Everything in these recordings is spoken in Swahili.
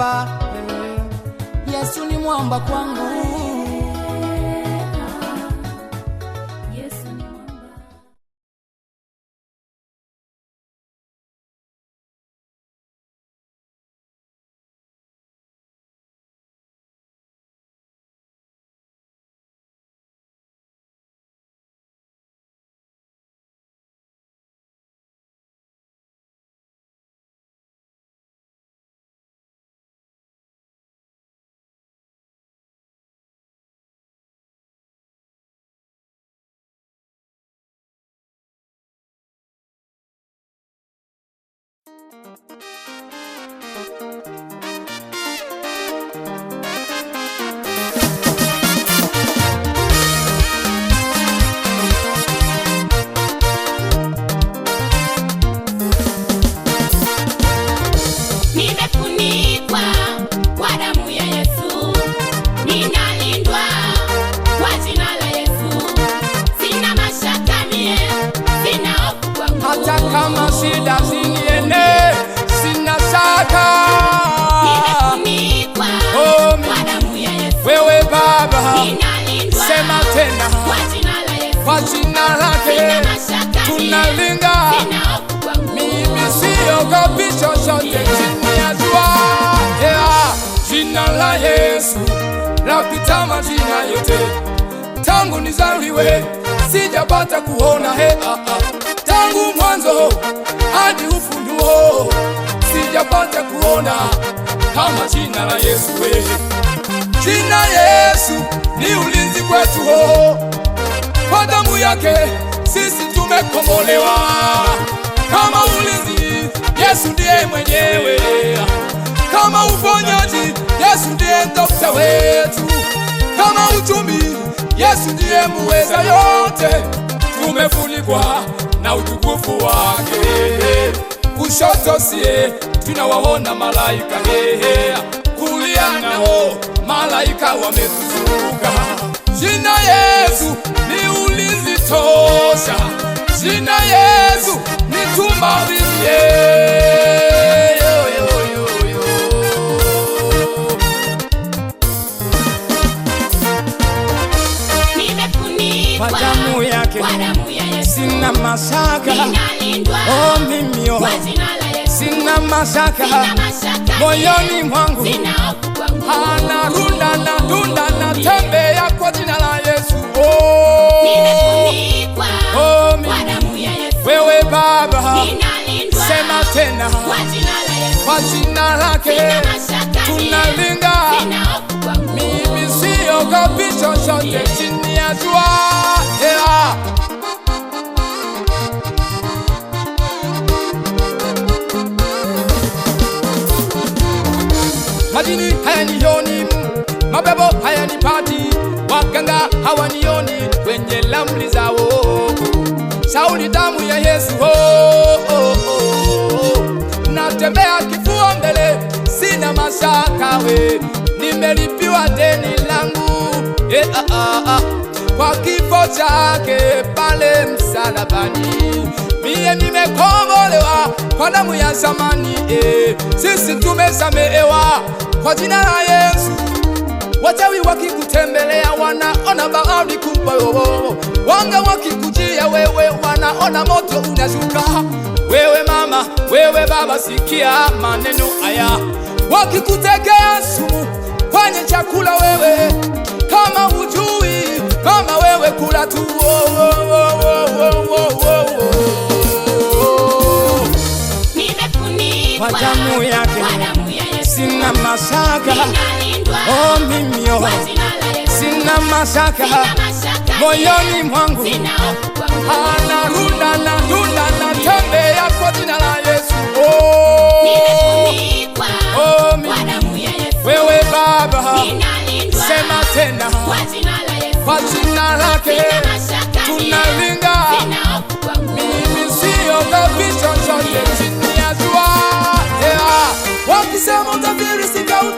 mwamba, Yesu ni mwamba kwangu. tunalinga, mimi siogopi chochote chini ya jua. jina la Yesu lapita majina yote, tangu nizaliwe sijapata kuona he ah, ah. tangu mwanzo hadi ufunduo sijapata kuona kama jina la Yesu we. Jina Yesu ni ulinzi kwetu ho, oh. kwa damu yake sisi umekombolewa kama ulinzi, Yesu ndiye mwenyewe, kama uponyaji, Yesu ndiye dokta wetu, kama uchumi, Yesu ndiye muweza yote. Tumefunikwa na utukufu wake, kushoto sie tunawaona malaika, hehe, kulia nao malaika wametuzunguka. Jina Yesu ni ulinzi tosha jina Yesu nituma kwa damu yake, sina mashaka. Oh, mimi oh, sina mashaka moyoni mwangu, hana runda na tunda kwa jina lake tunalinga, mimi siogopi chochote chini ya jua yeah. Majini hayanioni, mabebo hayanipati, waganga hawanioni kwenye lamli zao, sauli damu ya Yesu oh, oh, oh kutembea kifua mbele, sina mashaka we, nimelipiwa deni langu yeah, eh, ah, ah, kwa kifo chake pale msalabani, mie nimekombolewa kwa damu ya zamani eh. Sisi tumesamehewa kwa jina la Yesu. Wachawi wakikutembelea wanaona bahari kubwa, oh, oh, oh. wanga wakikujia wewe wanaona moto unashuka wewe ma wewe Baba, sikia maneno haya. Wakikutegea sumu kwenye chakula, wewe kama hujui, kama wewe kula tu kwa damu yake, sina mashaka oh, mimi oh, sina mashaka moyoni mwangu, anarunda ah, na runda na tembea kwa jina la wewe Baba, ninalindwa sema tena kwa jina lake tunalinga, mimi siogopi chochote chini ya jua. Wakisema utabiri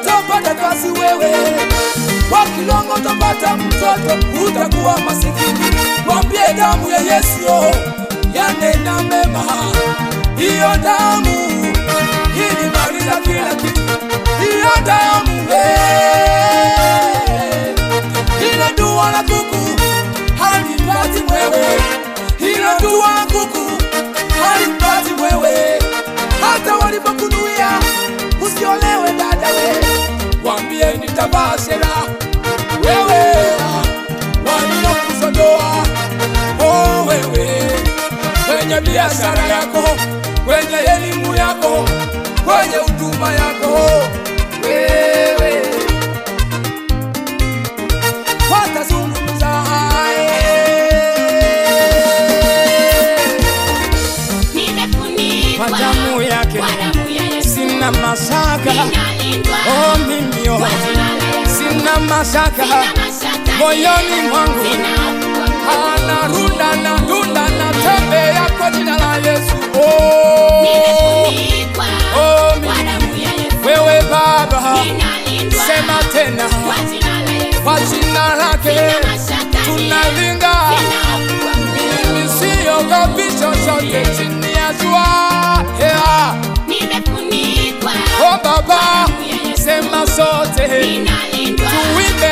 utapata kazi wewe. Wakilongo utapata mtoto, utakuwa masikini. Mwambie damu ya Yesu yanena mema hiyo damu ilimaliza kila kitu, hiyo damu hilo dua la kuku halipati mwewe, hilo dua la kuku halipati mwewe, hata walipokunuia usiolewe dadawe, wambie nitavaa sera wewe waliokuzodoa, oh wewe kwenye biashara yako kwenye elimu yako, kwenye utuma yako wewe, watazungumza kwa damu yake, sina mashaka oh, mimi oh, sina mashaka moyoni mwangu, na Oh. Oh, oh, mbele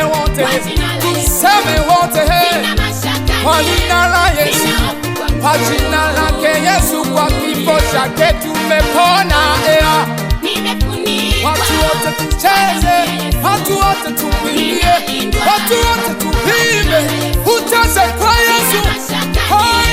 wote tuseme wote kwa jina la Yesu kwa jina lake Yesu, kwa kifo chake tumepona. Ea, watu wote tucheze, watu wote tuimbie, watu wote tupime, utese kwa Yesu.